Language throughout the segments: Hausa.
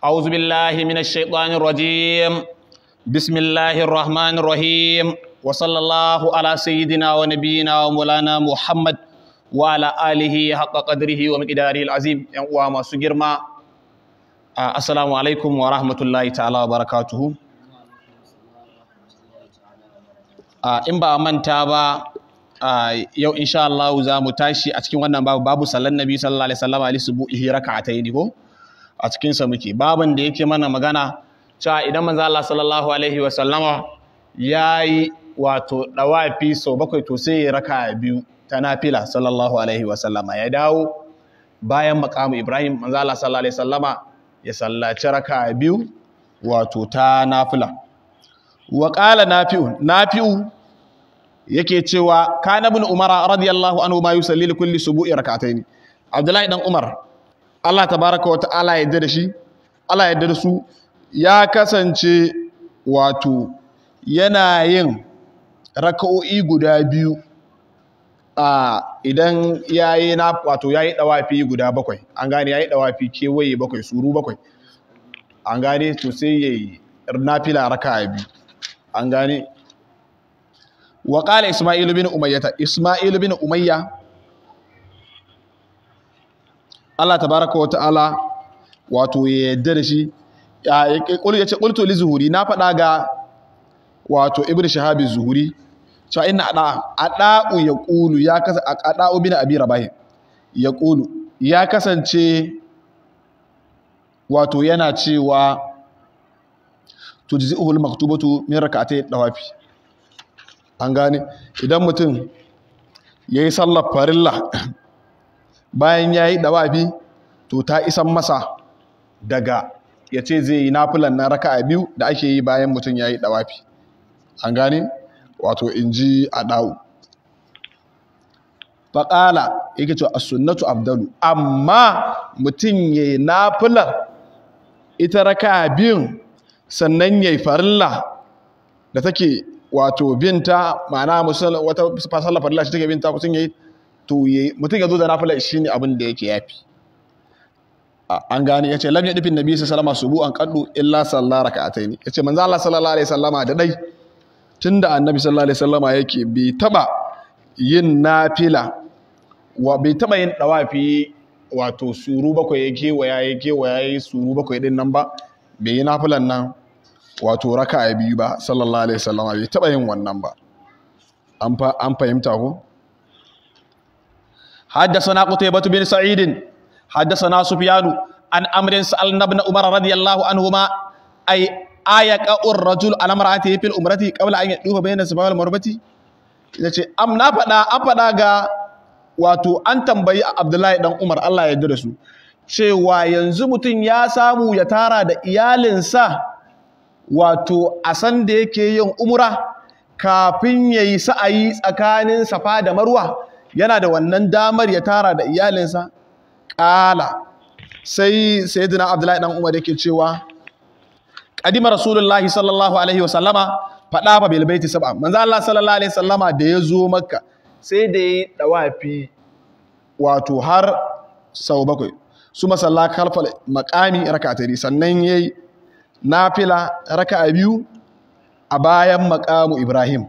أعوذ بالله من الشيطان الرجيم بسم الله الرحمن الرحيم وصلى الله على سيدنا ونبينا ومولانا محمد وعلى آله حق قدره ومقداره العظيم وما سجرما السلام عليكم ورحمة الله تعالى وبركاته إن با من تابا yau insha Allah za mu tashi a cikin wannan babu babu sallan Nabi sallallahu alaihi wasallam ali subuhi raka'atayn ko a cikin sa muke baban da yake mana magana cewa idan manzo Allah sallallahu alaihi wa sallama yayi wato dawafi sau bakwai to sai raka biyu ta nafila sallallahu alaihi wa sallama ya dawo bayan makamu Ibrahim manzo Allah sallallahu alaihi wa sallama ya sallaci raka biyu wato ta nafila wa qala nafi'u nafi'u yake cewa kana ibn umara radiyallahu anhu ma yusalli li kulli subu'i rak'atayn abdullahi dan umar Allah tabaraka wa ta'ala ya da shi Allah ya da su ya kasance wato yana yin raka'o'i guda biyu a idan yayi na wato yayi dawafi guda bakwai an gane yayi dawafi kewaye bakwai suru bakwai an gane to sai yayi nafila raka'a biyu an gane wa qala isma'ilu bin umayyah isma'ilu bin Allah tabaraka wa ta'ala wato ya yarda da shi ya ce qultu li zuhuri na faɗa ga wato ibnu shahabi zuhuri cewa inna ada ada'u yaqulu ya kasa ada'u bin abi ya yaqulu ya kasance wato yana cewa tujzi'uhul maktubatu min rak'atayn dawafi an gane idan mutum yayi sallar farilla bayan ya yi ɗawafi to ta isan masa daga ya ce zai yi nafilan na a biyu da ake yi bayan mutum ya yi ɗawafi an gane wato in ji a ɗawu faƙala yake cewa sunnatu abdalu amma mutum ya yi nafilan ita a biyun sannan ya yi farilla da take wato binta ma'ana wata fasallar farilla shi take binta mutum ya yi to mutum ya zo da nafila shi ne abin da yake yafi an gane ya ce lam ya dufin nabi sallama subu an kaddu illa sallah raka'ataini ya ce manzo Allah sallallahu alaihi sallama da dai tunda annabi sallallahu alaihi sallama yake bai taba yin nafila wa bai taba yin dawafi wato suru bakwai ya kewaya ya kewaya ya suru bakwai din nan ba bai yi nafilan nan wato raka'a biyu ba sallallahu alaihi sallama bai taba yin wannan ba an fahimta ko حدثنا قتيبة بن سعيد حدثنا سفيان عن أمر سألنا ابن عمر رضي الله عنهما أي آيك الرجل على امرأته في الأمرة قبل أن يطوف بين السبع والمربة yace am na faɗa an faɗa ga wato an tambayi Abdullahi dan Umar Allah ya yarda da su cewa yanzu mutum ya samu ya tara da iyalinsa wato a san yake yin umra kafin yayi sa'ayi tsakanin Safa da Marwa yana da wannan damar ya tara da iyalinsa ƙala sai sayyidina abdullahi ɗan umar yake cewa qadima rasulullahi sallallahu alaihi wasallama faɗa fa bil baiti sab'a manzo Allah sallallahu alaihi wasallama da ya zo makka sai da ya dawafi wato har sau bakwai su masalla kalfal makami raka'atari sannan yayi nafila raka'a biyu a bayan makamu ibrahim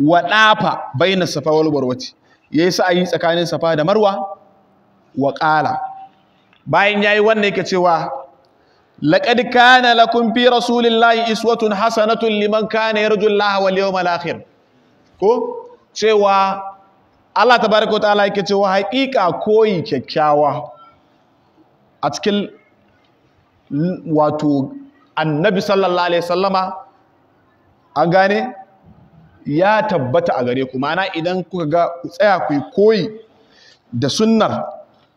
waɗafa baina safa wal marwati ya yi sa'ayi tsakanin safa da marwa wa ƙala bayan ya yi wannan yake cewa laƙad kana laƙun fi layi iswatun hasanatun liman kana yarju Allah wal yawmal malakir ko cewa Allah ta ala yake cewa haƙiƙa koyi kyakkyawa a cikin wato annabi sallallahu alaihi sallama an gane ya tabbata a gare ku mana idan kuka ga ku tsaya ku koyi da sunnar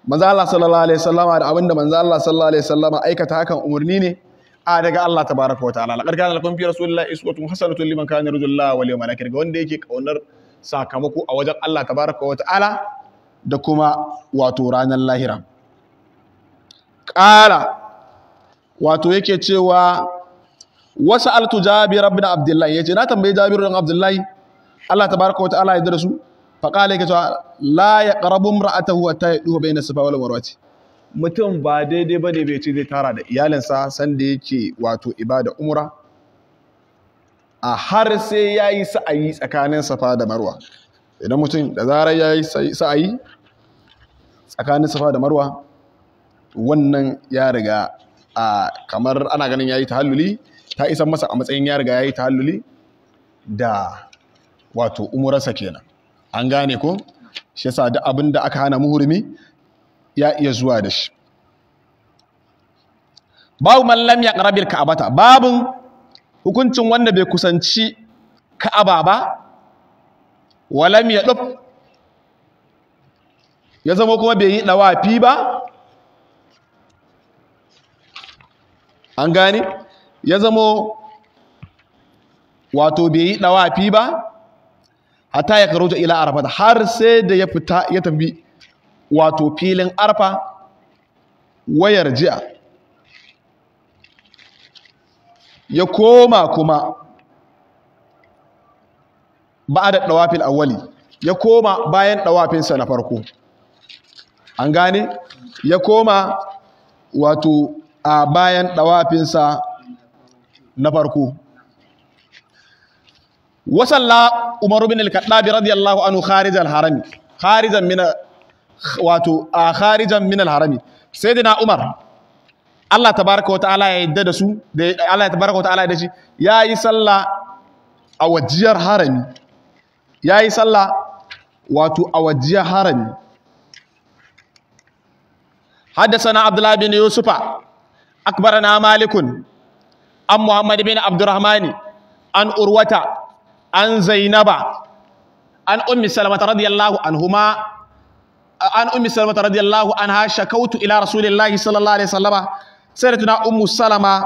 manzo Allah sallallahu alaihi wasallama da abinda manzo Allah sallallahu alaihi wasallama aikata hakan umurni ne a daga Allah tabaraka wa ta'ala laqad kana lakum fi rasulillahi uswatun hasanatun liman kana rajulullah wal yawmal akhir ga wanda yake kaunar sakamako a wajen Allah tabaraka wa ta'ala da kuma wato ranar lahira ƙara wato yake cewa wasu altu jabir na abdullahi ya ce, na tambayi jabir na abdullahi Allah tabaraka wata ta'ala ya da su faƙala yake cewa la huwa taya yi yaduha bayna safa wal warwaci mutum ba daidai ba ne bai ce zai tara da iyalinsa sanda yake wato ibada umra a har sai ya yayi sa'ayi tsakanin safa da marwa idan mutum da zarar yi sa'ayi tsakanin safa da marwa wannan ya riga a kamar ana ganin ya yi ta halluli ta isa masa a matsayin yari ya yi tahalluli da wato umurarsa kenan an gane ko shi yasa duk abin da aka hana muhurmi ya iya zuwa da shi babu ya karabir ka ka'abata Babu hukuncin wanda bai kusanci ka'aba ba walam ya dub ya zama kuma bai yi dawafi ba an gane ya zamo wato bai yi dawafi ba hata ya karo ila arfa har sai da ya fita ya tafi wato filin arfa wayar jiya ya koma kuma ba da dawafin awali ya koma bayan dawafinsa na farko an gane ya koma wato a bayan dawafinsa na farko wasalla umar bin al-kaddabi radiyallahu anhu kharij al-harami kharijan min wato a kharijan min al-harami sayyidina umar Allah tabaraka wa ta'ala ya yadda da su Allah wa ta'ala ya dace yayi sallah a wajiyar harami yayi sallah wato a wajiyar harami حدثنا عبد الله بن يوسف أكبرنا مالك an Muhammad bin Abdurrahman an Urwata an Zainaba an Ummi Salama radiyallahu anhuma an Ummi Salama radiyallahu anha shakautu ila Rasulillahi sallallahu alaihi sallama, sai da tuna Ummu Salama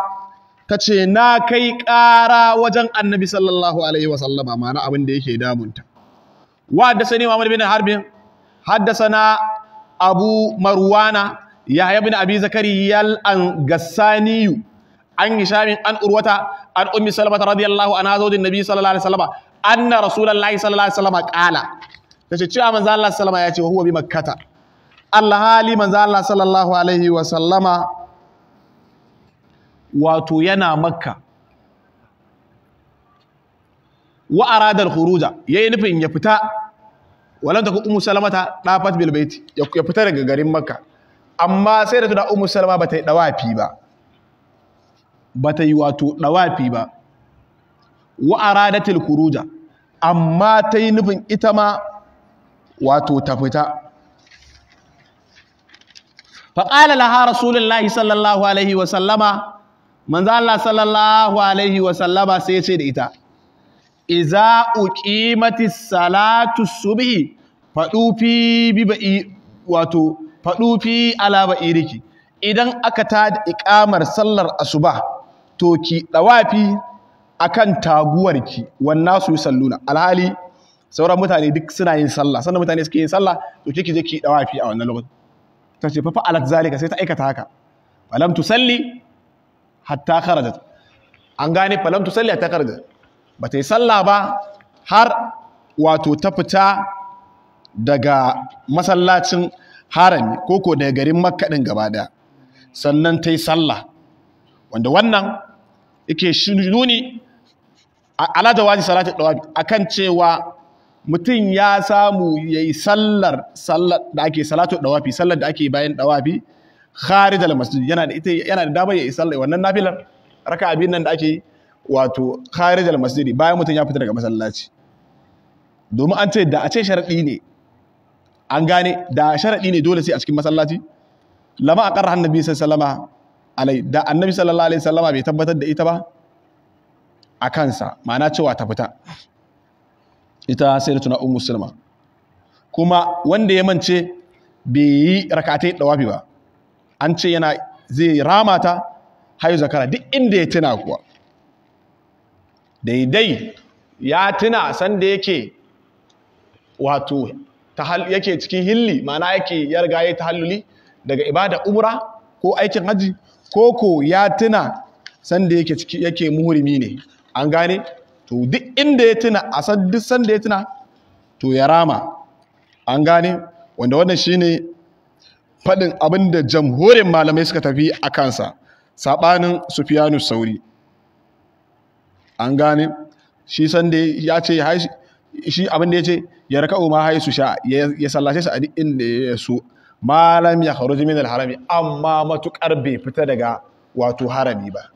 ta ce na kai ƙara wajen Annabi sallallahu alaihi wasallama ma'ana abin da yake damunta wa ne Muhammadu Muhammad bin Harbin حدثنا أبو مروان يحيى بن أبي زكريا الأنغساني an hisham an urwata an ummi salama radiyallahu an anha zawjin nabi sallallahu alaihi wasallam anna rasulullahi sallallahu alaihi wasallam qala tace cewa manzo Allah sallama ya ce huwa bi makkata Allah hali manzo Allah sallallahu alaihi wasallama wato yana makka wa arada al-khuruja yayi nufin ya fita walan ta ummu salamata dafat bil ya fita daga garin makka amma sai da tuna ummu salama bata yi dawafi ba ba ta yi wato ɗawafi ba wa aradatil kuruja amma ta yi nufin ita ma wato ta fita faƙala laha rasulullahi sallallahu alaihi wasallama manzo Allah sallallahu alaihi wasallama sai ya ce da ita iza uƙi mati salatu subhi fadufi bi ba'i wato fadufi ala ba'iriki idan aka ta iqamar sallar asuba to ki dawafi taguwar taguwarki wannan su salluna alhali sauran mutane duk suna yin sallah sannan mutane suke yin sallah to ki je ki dawafi a wannan lokacin ta ce fa fa'alat zalika sai ta aikata haka falam salli, hatta kharajat an gane falam salli, hatta kharajat ta yi sallah ba har wato ta fita daga masallacin harami ko ko daga garin makka din gaba daya sannan ta yi sallah wanda wannan yake nuni ala jawazi salati dawabi akan cewa mutum ya samu yayi sallar sallar da ake salatu dawafi sallar da ake bayan dawafi kharij al masjid yana da ita yana da dama yayi sallar wannan nafilar raka'a biyun nan da ake wato kharij al masjid bayan mutum ya fita daga masallaci domin an ce da a ce sharadi ne an gane da sharadi ne dole sai a cikin masallaci lama aqarra annabi sallallahu alaihi salama. alai da annabi sallallahu alaihi sallama bai tabbatar da ita ba a kansa ma'ana cewa ta fita ita sai da ummu sulma kuma wanda ya mance bai yi rakatai dawabi ba an ce yana zai rama ta hayu zakara duk inda ya tuna kuwa daidai ya tuna sanda yake wato yake cikin hilli ma'ana yake ya riga ya tahalluli daga ibada umra ko aikin haji koko ya tuna sanda yake ciki yake muhrimi ne an gane to duk inda ya tuna a san duk sanda ya tuna to ya rama an gane wanda wannan shine faɗin abin da jamhurin malamai suka tafi a kansa saɓanin sufiyanu sauri an gane shi sanda ya ce shi abin da ya ce ya raka ma haisu sha ya sallace su a duk inda ya so malam ya kharuji min harami amma matukar bai fita daga wato harami ba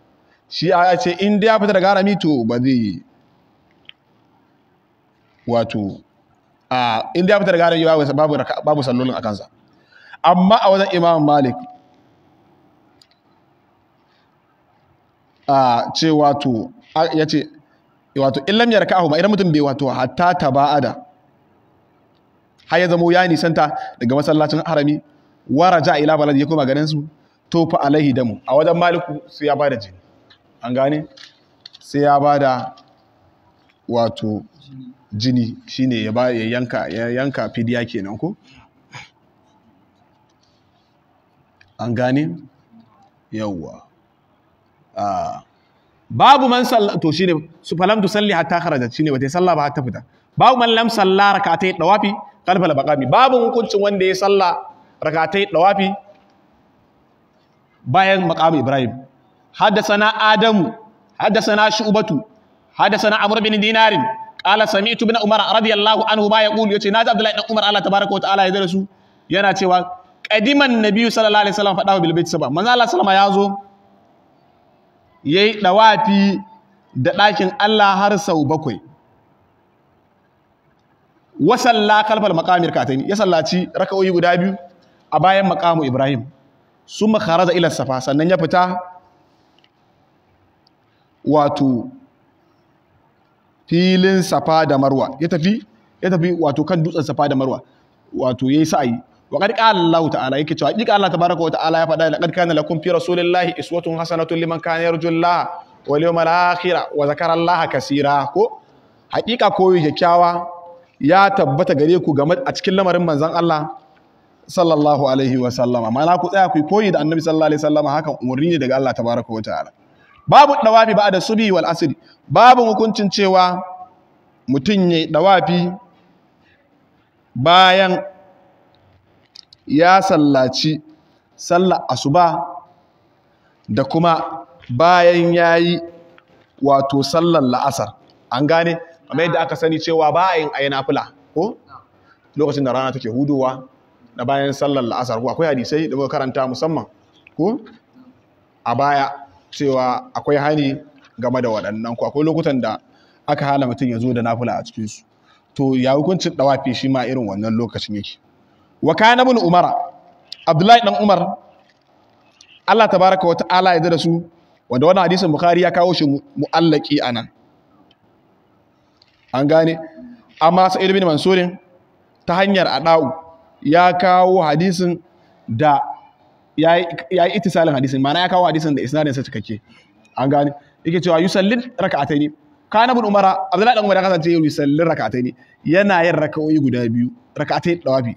shi ya ce in da ya fita daga harami to ba zai wato a in da ya fita daga harami babu babu sallolin akan sa amma a wajen imam malik a ce wato ya ce wato illam yarka'ahu ma idan mutum bai wato hatta taba'ada har ya zamo ya nisanta daga masallacin harami Wara waraja ila balad ya koma ganin su to fa alaihi damu a wajen maliku sai ya bada jini an gane sai ya bada wato jini shine ya ba ya yanka ya yanka fidiya kenan ko an gane yawwa ah. babu man sallah to shine su falam tu salli hatta kharajat shine bata sallah ba hatta fita babu man lam sallah rakatai dawafi kalfal baqami babu hukuncin wanda ya sallah rakatai dawafi bayan maqam ibrahim حدثنا آدم حدثنا شعبة حدثنا عمرو بن دينار قال سمعت بن عمر رضي الله عنهما يقول يتي ناجي عبد umar allah عمر الله ta'ala ya darasu yana cewa qadiman nabiyyu sallallahu alaihi wasallam fadawa bil bait saba manzo Allah sallama yazo ya yi ɗawafi da ɗakin Allah har sau bakwai wasalla kalfal maƙamir katani ya sallaci raka'o'i guda biyu a bayan makamu ibrahim sun makara da ilar safa sannan ya fita wato filin safa da marwa ya tafi wato kan dutsen safa da marwa wato ya yi sa'ayi wa qad Allah ta'ala ta'ala ya faɗa laqad kana lakum fi rasulillahi iswatun hasanatun liman kana ko hakika koyi ya tabbata gare ku game a cikin lamarin manzon Allah sallallahu alaihi wa sallama ma'ana ku tsaya ku koyi da annabi sallallahu alaihi wa sallama hakan umarni ne daga Allah tabaraka wa ta'ala babu dawafi ba'da subi wal babu hukuncin cewa mutum ya dawafi bayan ya sallaci sallar asuba da kuma bayan ya yi wato sallar la'asar an gane kamar yadda aka sani cewa bayan a yi nafula ko lokacin da rana take hudowa na bayan sallar la'asar ko akwai hadisai da karanta musamman ko a baya cewa akwai hani game da waɗannan ko akwai lokutan da aka hana mutum ya zo da nafula a cikinsu to ya hukuncin ɗawafi shi ma irin wannan lokacin yake wa kana ibn umara abdullahi dan umar Allah tabaraka wa ta'ala ya da su wanda wannan hadisin bukhari ya kawo shi mu'allaki anan an gane amma sa'id bin mansurin ta hanyar adau ya kawo hadisin da ya yi itisalin hadisin ma'ana ya kawo hadisin da isnadin sa cikakke an gane yake cewa yusallin raka'ataini kana bin umara abdullahi dan umar ya kasance yusallin raka'ataini yana yin raka'o'i guda biyu raka'atai dawabi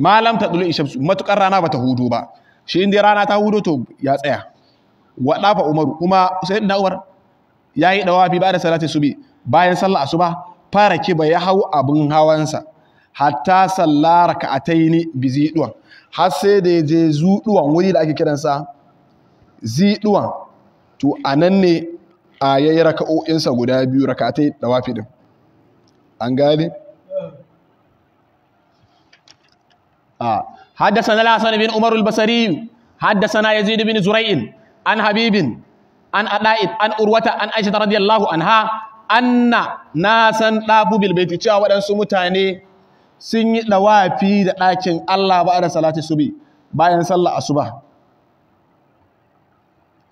malam ta dulu ishamsu matukar rana bata hudu ba shi inda rana ta hudu to ya tsaya Waɗafa umaru kuma sayyidina umar yayi ɗawafi ba da salati subi bayan sallah asuba fara kiba ya hau abin hawansa hatta salla raka'ataini bi ziduwan har sai da je zuduwan wuri da ake kiran sa ziduwan to anan ne a yayi raka'o'insa guda biyu raka'atai dawafi din an gane حدثنا الحسن بن عمر البصري حدثنا يزيد بن زريع عن حبيب عن أدائد عن أروة عن عائشة رضي الله عنها أن ناسا طافوا بالبيت cewa waɗansu mutane sun yi dawafi da ɗakin Allah ba da salati subi bayan sallar asuba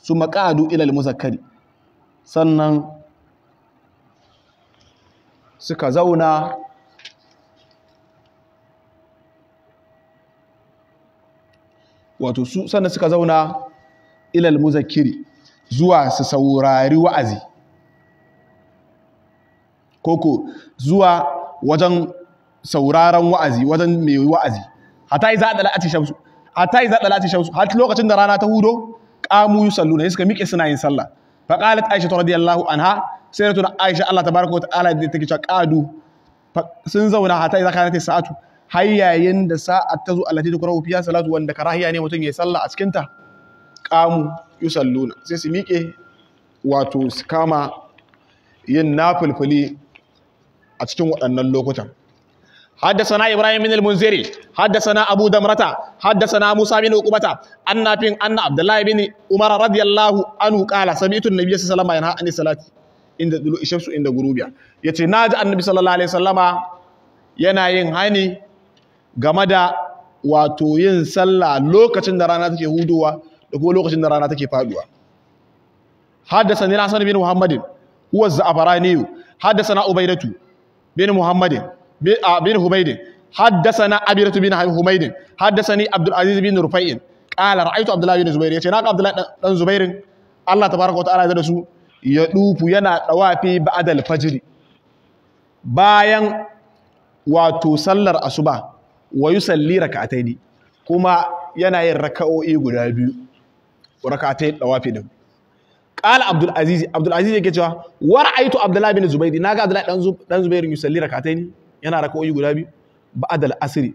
su maqadu ila muzakkari sannan suka zauna wato su sannan suka zauna ilal muzakiri zuwa su saurari wa'azi koko zuwa wajen sauraron wa'azi wajen mai wa'azi hatta iza dalati shamsu hatta ɗala a shamsu har lokacin da rana ta hudo salluna. yusalluna suka miƙe suna yin sallah fa qalat aisha radiyallahu anha sayyidatuna aisha Allah tabaaraka wa ta'ala da take cewa ƙadu sun zauna hatta iza kanat sa'atu har da sa'a ta zo allati ta kurahu fiya salatu wanda karahiya ne mutum ya sallah a cikin ta qamu yusalluna sai su miƙe wato su kama yin nafilfili a cikin waɗannan lokutan حدثنا ابراهيم بن المنذري حدثنا ابو na حدثنا موسى بن عقبة ان نافع ان عبد الله بن عمر رضي الله عنه قال سمعت النبي صلى الله عليه وسلم ينهى عن الصلاه عند طلوع الشمس عند غروبها يتي ناجي النبي صلى الله عليه وسلم yana yin hani game da wato yin sallah lokacin da rana take hudowa da kuma lokacin da rana take faduwa haddasa ni hasan bin muhammadin huwa zafarani haddasa na ubaydatu bin muhammadin bin humaydin haddasa na abiratu bin humaydin haddasa ni abdul aziz bin rufai'in qala ra'aytu abdullahi bin zubair yace na ka abdullahi dan zubairin allah tabaaraka wa ta'ala ya da su ya dufu yana dawafi ba'dal fajr bayan wato sallar asuba wa yusalli raka'ataini kuma yana yin raka'o'i guda biyu raka'atai dawafi din qala abdul aziz abdul aziz yake cewa wa ra'aytu abdullah bin zubair naga abdullah dan dan zubair yusalli raka'ataini yana raka'o'i guda biyu ba'da al-asr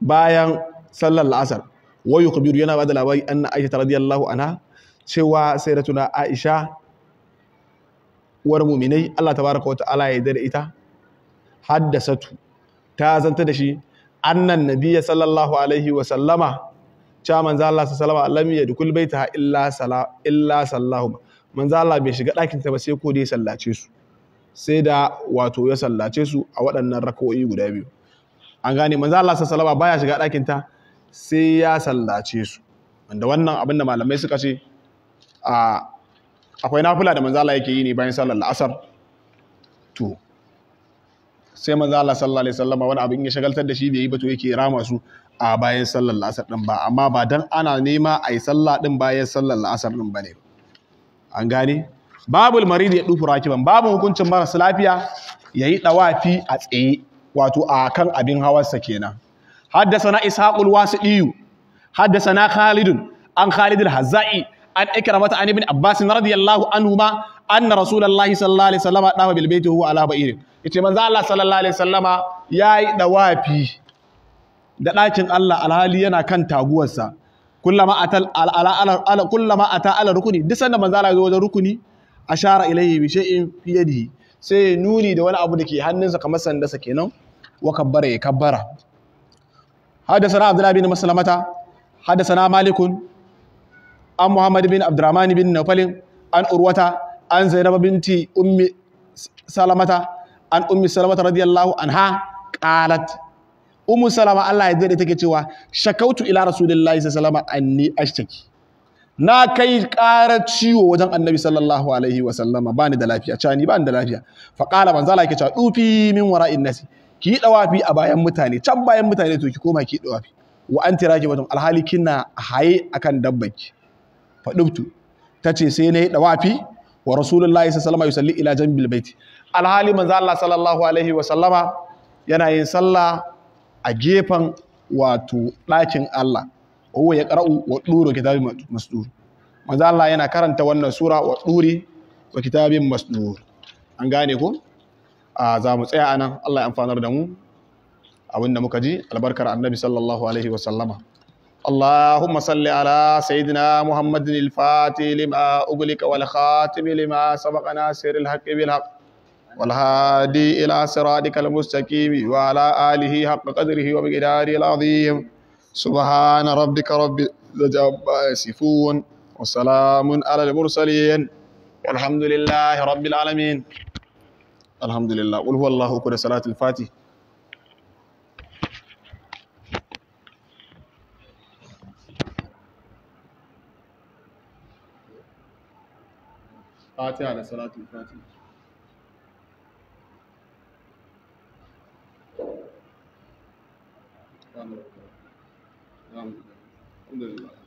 bayan sallar al-asr wa yana yana bada labari anna aisha radiyallahu anha cewa sayyidatuna aisha war mu'minai Allah tabaaraka wa ta'ala ya yarda da ita haddasatu ta zanta da shi annan nabiya sallallahu alaihi wa sallama cha manzo Allah sallallahu alaihi wa yadkhul baitaha illa sala illa sallahu manzo Allah bai shiga ɗakin ta ba sai ko dai sallace su sai da wato ya sallace su a waɗannan rak'o'i guda biyu an gane manzo Allah sallallahu alaihi baya shiga ɗakin ta sai ya sallace su wanda wannan abin da malamai suka ce a akwai nafila da manzo Allah yake yi ne bayan sallar asar to sai manzo Allah sallallahu alaihi wasallam wani abin ya shagaltar da shi bai yi ba to yake rama su a bayan sallar la'asar din ba amma ba dan ana nema a yi sallah din bayan sallar la'asar din bane an gane babul marid ya dufu rakiban babu hukuncin marasa lafiya yayi dawafi a tsaye wato a kan abin hawarsa kenan haddasa na الواسئي حدثنا خالد na خالد an عن إكرمة عن ابن عباس abbas الله عنهما أن رسول الله صلى الله عليه وسلم نام بالبيت وهو على بئر yace manzo Allah sallallahu alaihi wasallama yayi dawafi da ɗakin Allah alhali yana kan taguwarsa kullama atal ala ala kullama ata ala rukuni duk sanda manzo Allah ya zo wajen rukuni ashara ilayhi bi shay'in fi yadihi sai nuni da wani abu da ke hannunsa kamar sanda sa kenan wa kabbara ya kabbara hadathana عبد الله maslamata hadathana malikun an muhammad bin abdurrahman bin nawfal an urwata an zainab binti ummi salamata an ummi salama radiyallahu anha qalat ummu salama Allah ya dade take cewa shakautu ila rasulillahi sallallahu alaihi wasallam anni ashtaki na kai ƙarar ciwo wajen annabi sallallahu alaihi wa sallama ba ni da lafiya cewa ni ba ni da lafiya fa qala manzo Allah yake cewa dufi min wara'in nasi ki dawafi a bayan mutane can bayan mutane to ki koma ki dawafi wa anti rakibatun alhali kina haye akan dabbanki fa dubtu tace sai nayi dawafi wa rasulullahi sallallahu alaihi wasallam yusalli ila jambil baiti alhali manzo Allah sallallahu alaihi wa sallama yana yin sallah a gefen wato ɗakin Allah huwa ya qara'u wa duru kitabin masdur manzo Allah yana karanta wannan sura wa duri wa kitabin masdur an gane ko a za mu tsaya anan Allah ya amfanar da mu abinda muka ji albarkar annabi sallallahu alaihi wa sallama اللهم صل على سيدنا محمد الفاتح لما أغلق والخاتم لما سبق ناصر الحق بالحق والهادي إلى صراطك المستقيم وعلى آله حق قدره ومقداره العظيم سبحان ربك رب العزة يصفون وسلام على المرسلين والحمد لله رب العالمين الحمد لله قل هو الله أكبر صلاة الفاتح فاتحة على صلاة الفاتح 让，让，那个。